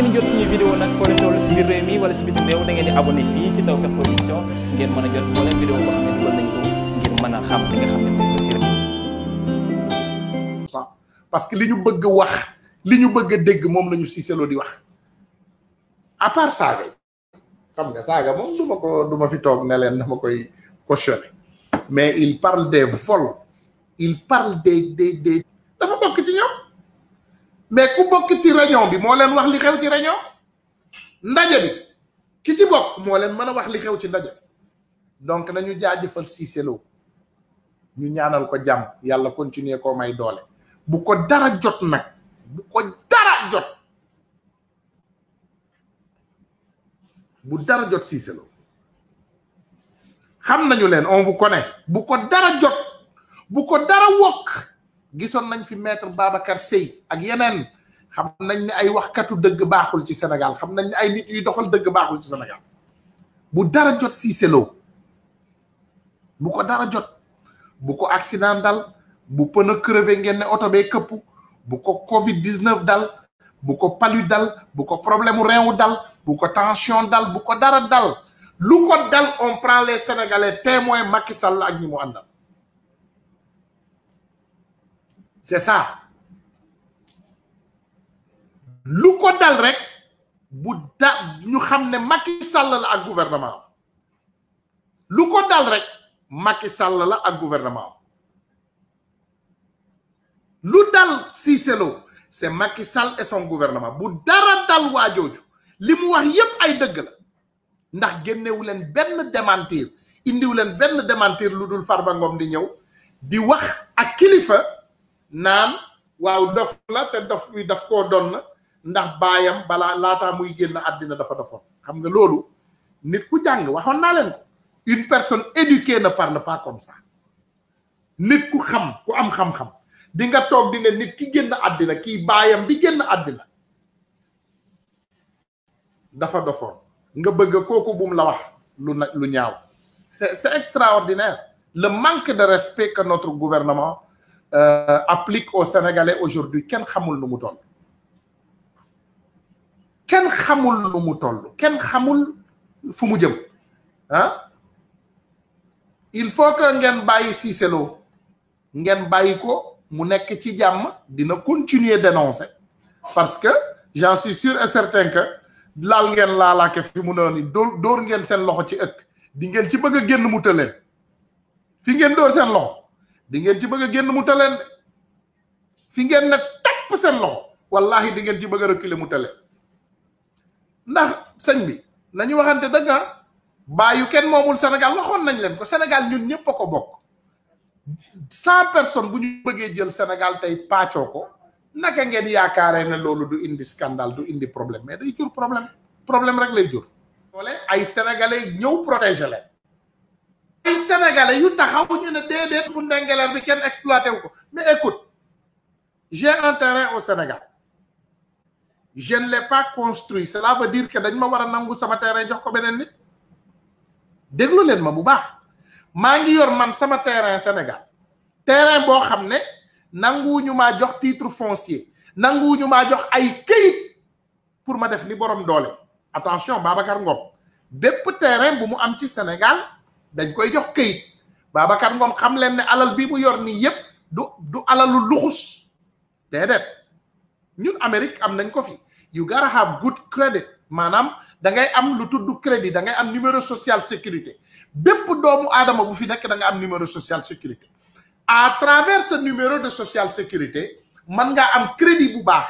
ngeen jot suñu vidéo nag foo leen toll si biir réew mi wala si biti réew da ngeen di abonné fii si Tawfekh Production ngeen mën a jot moo leen vidéo boo xam ne dugal nañ ko ngir mën a xam li nga xam ne moom la parce que li ñu bëgg wax li ñu bëgg a dégg moom la ñu Cissé Lo di wax à part saaga yi xam nga saaga moom du ma ko du ma fi toog ne leen dama koy cautionné mais il parle des vols il parle des des des dafa bokk ci ñoom. mais ku bokk ci réunion bi moo leen wax li xew ci réunion ndaje bi ki ci bokk moo leen mën a wax li xew ci ndaje bi donc nañu jaajëfal Cissé Lo ñu ñaanal ko jàmm yàlla continuer koo may doole bu ko dara jot nag bu ko dara jot bu dara jot Cissé Lo xam nañu leen on vous connaît bu ko dara jot bu ko dara wokk gisoon nañ fi maître Babacar Seye ak yeneen xam nañ ne ay waxkatu dëgg baaxul ci Sénégal xam nañ ne ay nit yuy dëgg baaxul ci Sénégal bu dara jot Cissé Lo bu ko dara jot bu ko accident dal bu pneu crevé ngeen ne oto bee këpp bu ko Covid 19 dal bu ko palu dal bu ko problème mu rein dal bu ko tension dal bu ko dara dal lu ko dal on prend les Sénégalais témoin Macky Sall ak ñi mu àndal. c'est ça lu ko dal rek bu da ñu xam ne Macky Sall la ak gouvernement lu ko dal rek Macky Sall la ak gouvernement lu dal Cissé Lo c'est Macky Sall et son gouvernement bu dara dal waa jooju li mu wax yépp ay dëgg la ndax génnewu leen benn démentir indiwu leen benn démentir lu dul Farba di ñëw di wax ak kilifa naan waaw dof la te dof bi daf koo doon na ndax baayam balaa laataa muy génn àddina dafa dofoon xam nga loolu nit ku jàng waxoon naa leen ko une personne éduquée ne parle pas comme ça nit ku xam ku am xam-xam di nga toog di ne nit ki génn àddina kii baayam bi génn àddina dafa dofoon nga bëgg kooku bum la wax lu na lu ñaaw c'est c'est extraordinaire le manque de respect que notre gouvernement Euh, applique au Sénégalais aujourd'hui kenn xamul nu mu toll kenn xamul nu mu toll kenn xamul fu mu jëm ah il faut que ngeen bàyyi Cissé Lo ngeen bàyyi ko mu nekk ci jàmm dina continuer dénoncer parce que j'en suis sûr et certain que laal ngeen laalaake fi mu ne ni dóor dóor ngeen seen loxo ci ëkk di ngeen ci bëgg a génn mu tëleen fi ngeen door seen loxo di ngeen ci bëgg a génn mu taleen de fi ngeen ne tapp seen loxo wallahi di ngeen ci bëgg a reculer mu taleen ndax sëñ bi nañu waxante dëgg ah, bàyyu kenn moomul Sénégal waxoon nañ leen ko Sénégal ñun ñëpp a ko bokk cent personne bu ñu bëggee jël Sénégal tey pàccoo ko naka ngeen yaakaaree ne loolu du indi scandale du indi problème mais day jur problème problème rek lay jur. wala ay sénégalais ñëw protéger leen. ay sénégalais yu taxaw ñu ne déedéet Fundengeleer bi kenn exploité wu ko mais écoute j'ai un terrain au Sénégal je ne l'ai pas construit cela veut dire que dañ ma war a nangu sama terrain jox ko beneen nit déglu leen ma bu baax maa ngi yor man sama terrain Sénégal terrain boo xam ne nanguwuñu maa jox titre foncier nanguwuñu maa jox ay këyit pour ma def ni borom doole attention Babacar Ngom bépp terrain bu mu am ci Sénégal. dañ koy jox këyit Babacar ngoom xam leen ne alal bi mu yor nii yépp du du alalu luxus déedéet ñun Amérique am nañ ko fi you gotta have good credit maanaam da ngay am lu tudd crédit da ngay am numéro social sécurité bépp doomu aadama bu fi nekk dangay am numéro social sécurité à travers ce numéro de social sécurité mën ngaa am crédit bu baax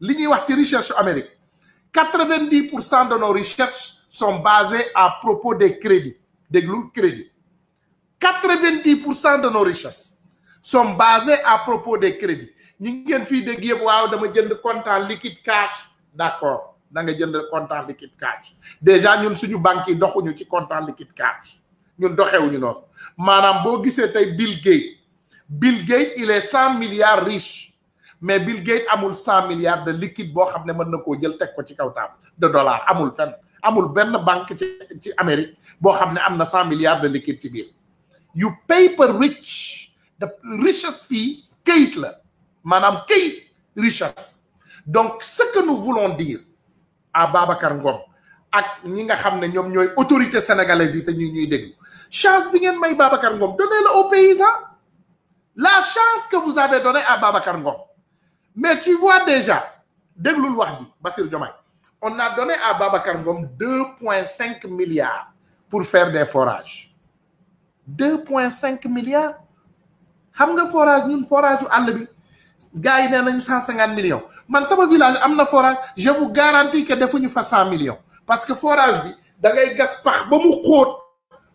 li ñuy wax ci Amérique quatre-vingt-dix pour cent de nos recherches sont basées à propos des crédit déglu crédit quatre-vingt-dix pour cent de nos richesses som basées à propos des crédits ñi ngeen fii dégg yëpp waaw dama jënd comptant liquide cash d'accord da nga jënd comptant liquide cash déjà ñun suñu banque yi doxuñu ci comptant liquide cash ñun doxewuñu noonu maanaam boo gisee tey Bill Gates Bill Gates il est cent milliards riche mais Bill Gates amul cent milliards de liquide boo xam ne mën na koo jël teg ko ci kaw taab de dollars amul fenn amul benn banque ci ci Amérique boo xam ne am na cent milliards de liquide ci biir you paper rich the richesse fii kayit la maanaam kayit richesse donc ce que nous voulons dire à Babacar Ngom ak ñi nga xam ne ñoom ñooy autorité sénégalaise yi te ñu ñuy déglu chance bi ngeen may Babacar Ngom donnez-le aux paysans la chance que vous avez donnée à Babacar Ngom mais tu vois déjà déglul wax ji Bassirou Diomaye on a donné à Babacar point cinq milliards pour faire des forages 2,5 milliards xam nga forage ñun forage u àll bi gars yi nee nañu 150 millions man sama village am na forage je vous garantis defu ñu fa 100 millions parce que forage bi dangay gas pax ba mu xóot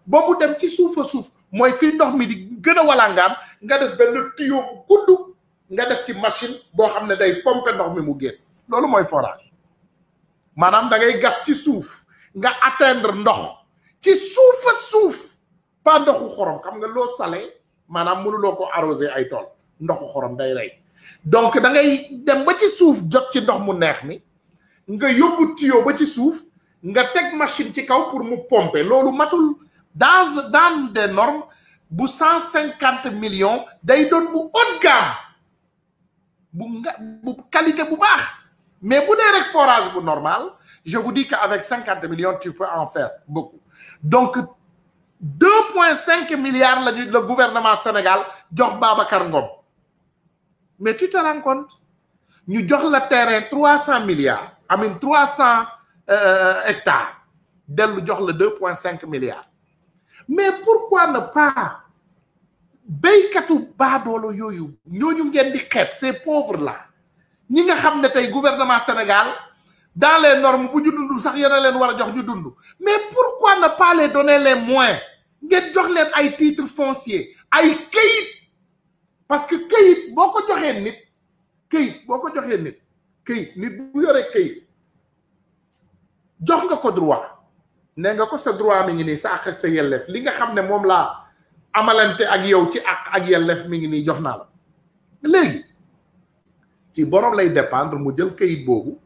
ba mu dem ci suufa suuf mooy fi ndox mi di gën a walangaan nga def benn tuyau bu gudd nga def ci machine boo xam ne day pomper ndox mi mu génn loolu mooy forage. maanaam da ngay gas ci suuf nga atteindre ndox ci suufa suuf pas ndoxu xorom xam nga loo sale maanaam mënuloo ko arrosé ay tool ndoxu xorom day rey donc da ngay dem ba ci suuf jot ci ndox mu neex ni nga yóbbu tuyau ba ci suuf nga teg machine ci kaw pour mu pompe loolu matul dans dans des normes bu cent cinquante million day doon bu haut gamme bu nga bu qualité bu baax mais bu dee rek forage bu normal je vous dis qu'avec cinquante millions tu peux en faire beaucoup donc deux point cinq milliards lañu le gouvernement Sénégal jox Babacar Ngom mais tu te rends ñu jox la terrain trois cent milliards amin trois cent euh, euh, hectares dellu jox la deux point cinq milliards mais pourquoi ne pas béykatu baadoolo yooyu ñooñu ngeen di xeeb ces pauvres là ñi nga xam ne tey gouvernement Sénégal dans les normes bu ñu dundul sax yéen leen war a jox ñu dund mais pourquoi ne pas les donner les moyens ngeen jox leen ay titres foncier ay këyit parce que këyit boo ko joxee nit këyit boo ko joxee nit këyit nit bu yoree këyit jox nga ko droit nee nga ko sa droit mi ngi nii sa àq ak sa yelleef li nga xam ne moom laa amalante ak yow ci àq ak yelleef mi ngi nii jox naa la léegi ci borom lay dépendre mu jël kayit boobu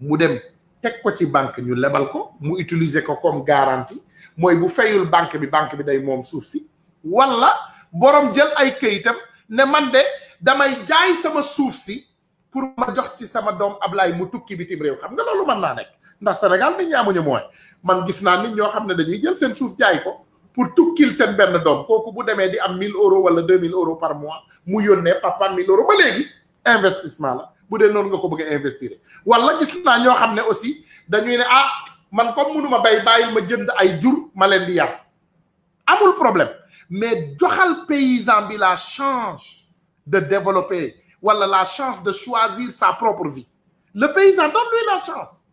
mu dem teg ko ci banque ñu lebal ko mu utiliser ko comme garantie mooy bu fayul banque bi banque bi day moom suuf si wala borom jël ay kayitam ne man de damay jaay sama suuf si pour ma jox ci sama doom Ablaye mu tukki bitim réew xam nga loolu man naa nekk ndax Sénégal nit ñaamuñu mooy man gis naa nit ñoo xam ne dañuy jël seen suuf jaay ko pour tukkil seen benn doom kooku bu demee di am 1000 euros wala 2000 euros par mois mu yónnee papa 1000 euros ba léegi. investissement la bu dee noonu nga ko bëgg a investir wala gis naa ñoo xam ne aussi dañuy ne ah man comme mënuma bay bàyyil ma jënd ay jur ma leen di amul problème mais joxal paysan bi la chance de développer wala la chance de choisir sa propre vie le paysan donne-lui la chance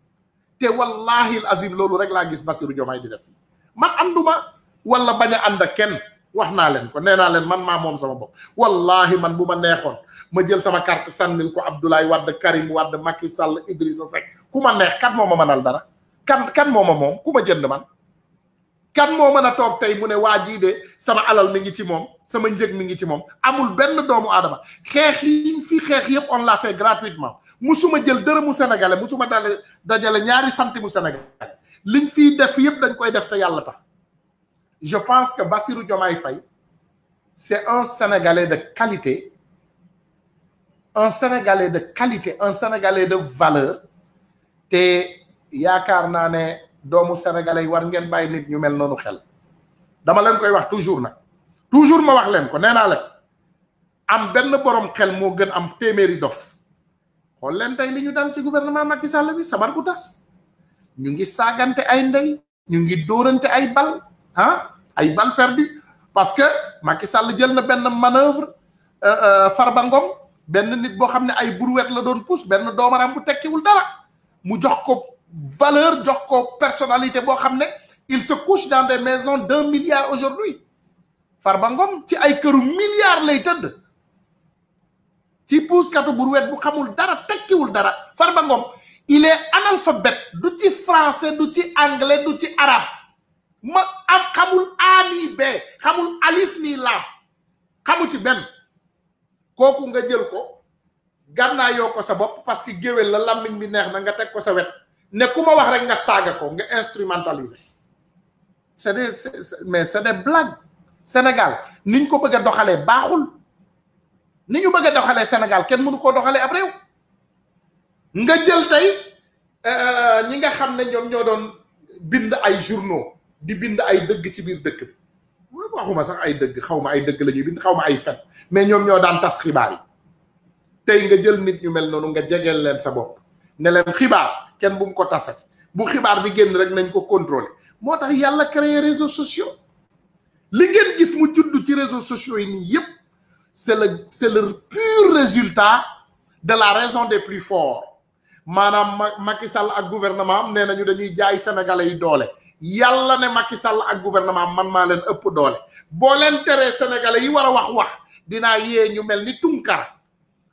te wallahi azim loolu rek laa gis Bassirou Diomaye di def man ànduma wala bañ a ànd ak kenn wax naa leen ko nee naa leen man maa moom sama bopp wallahi man bu ma neexoon ma jël sama carte sànnil ko Abdoulaye Wade Karim wadd maki Sall Idrissa Seck ku ma neex kan moo ma mënal dara kan kan moo ma moom ku ma jënd man kan moo mën a toog tey mu ne waa jii de sama alal mi ngi ci moom sama njëg mi ngi ci moom amul benn doomu aadama xeex yi fii xeex yëpp on l'a fait gratuitement musuma jël dërëmu sénégalais musuma dale dajale ñaari santi mu sénégalais liñ fiy def yëpp dañ koy def te yàlla tax je pense que Bassirou Diomaye fay c'est un Sénégalais de qualité un Sénégalais de qualité un Sénégalais de valeur te yaakaar naa ne doomu Sénégalais yi war ngeen bàyyi nit ñu mel noonu xel dama leen koy wax toujours nag toujours ma wax leen ko nee naa leen am benn borom xel moo gën am téeméeri dof xool leen tey li ñu dal ci gouvernement Macky Sall bi sabar gu tas ñu ngi saagante ay ndey ñu ngi dóorante ay bal ah ay balles perdues parce que Macky Sall jël na benn manœuvre euh, euh, Farba Ngom benn nit boo xam ne ay brouette la doon pousse benn doomaram bu tekkiwul dara mu jox ko valeur jox ko personnalité boo xam ne il se couche dans des maisons d'un milliard aujourd'hui Farba Ngom ci ay këru milliards lay tëdd ci puuskatu brouette bu xamul dara tekkiwul dara Farba Ngom il est analphabète du ci français du ci anglais du ci arabe ma am xamul A nii B xamul alif nii laam xamu ci benn kooku nga jël ko gànnaa yoo ko sa bopp parce que géwél la lammiñ bi neex na nga teg ko sa wet ne ku ma wax rek nga saaga ko nga instrumentaliser c'est des mais c'est des blagues Sénégal niñ ko bëgg a doxalee baaxul ni ñu bëgg a doxalee Sénégal kenn mënu koo doxalee ab réew nga jël tey euh, ñi nga xam ne ñoom ñoo doon bind ay journaux di bind ay dëgg ci biir dëkk bi waxuma sax ay dëgg xaw ma ay dëgg la ñuy bind xaw ma ay fen mais ñoom ñoo daan tas xibaar yi tey nga jël nit ñu mel noonu nga jegeel leen sa bopp ne leen xibaar kenn bu mu ko tasati bu xibaar di génn rek nañ ko contrôler moo tax yàlla créer réseaux sociaux li ngeen gis mu judd ci réseaux sociaux yi nii yépp c'est le c'est le pur résultat de la raison des plus forts maanaam Macky Sall ak gouvernement am nee nañu dañuy jaay sénégalais yi doole yàlla ne Macky Sall ak gouvernement man maa leen ëpp doole boo leen teree sénégalais yi war a wax wax dinaa yee ñu mel ni tunkar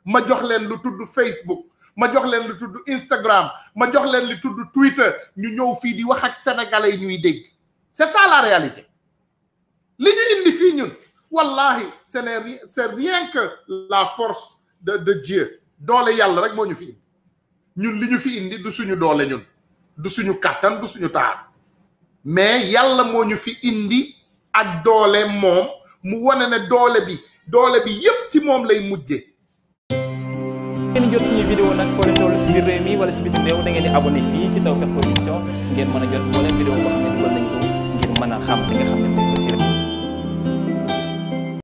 ma jox leen lu tudd Facebook ma jox leen lu tudd Instagram ma jox leen lu tudd Twitter ñu ñëw fii di wax ak sénégalais yi ñuy dégg c'est ça la réalité li ñu indi fii ñun wallahi ce n'est c'est rien la force de de Dieu doole yàlla rek moo ñu fi indi ñun li ñu fi indi du suñu doole ñun du suñu kàttan du suñu taar mais yàlla moo ñu fi indi ak doole moom mu wane ne doole bi doole bi yépp ci moom lay mujjee. ngeen jot suñu vidéo nag foo leen toll si biir réew mi wala si bitim réew da ngeen di abonné fii si Tawfekh Production ngeen mën a jot moo leen vidéo boo xam ne mën a nga xam ne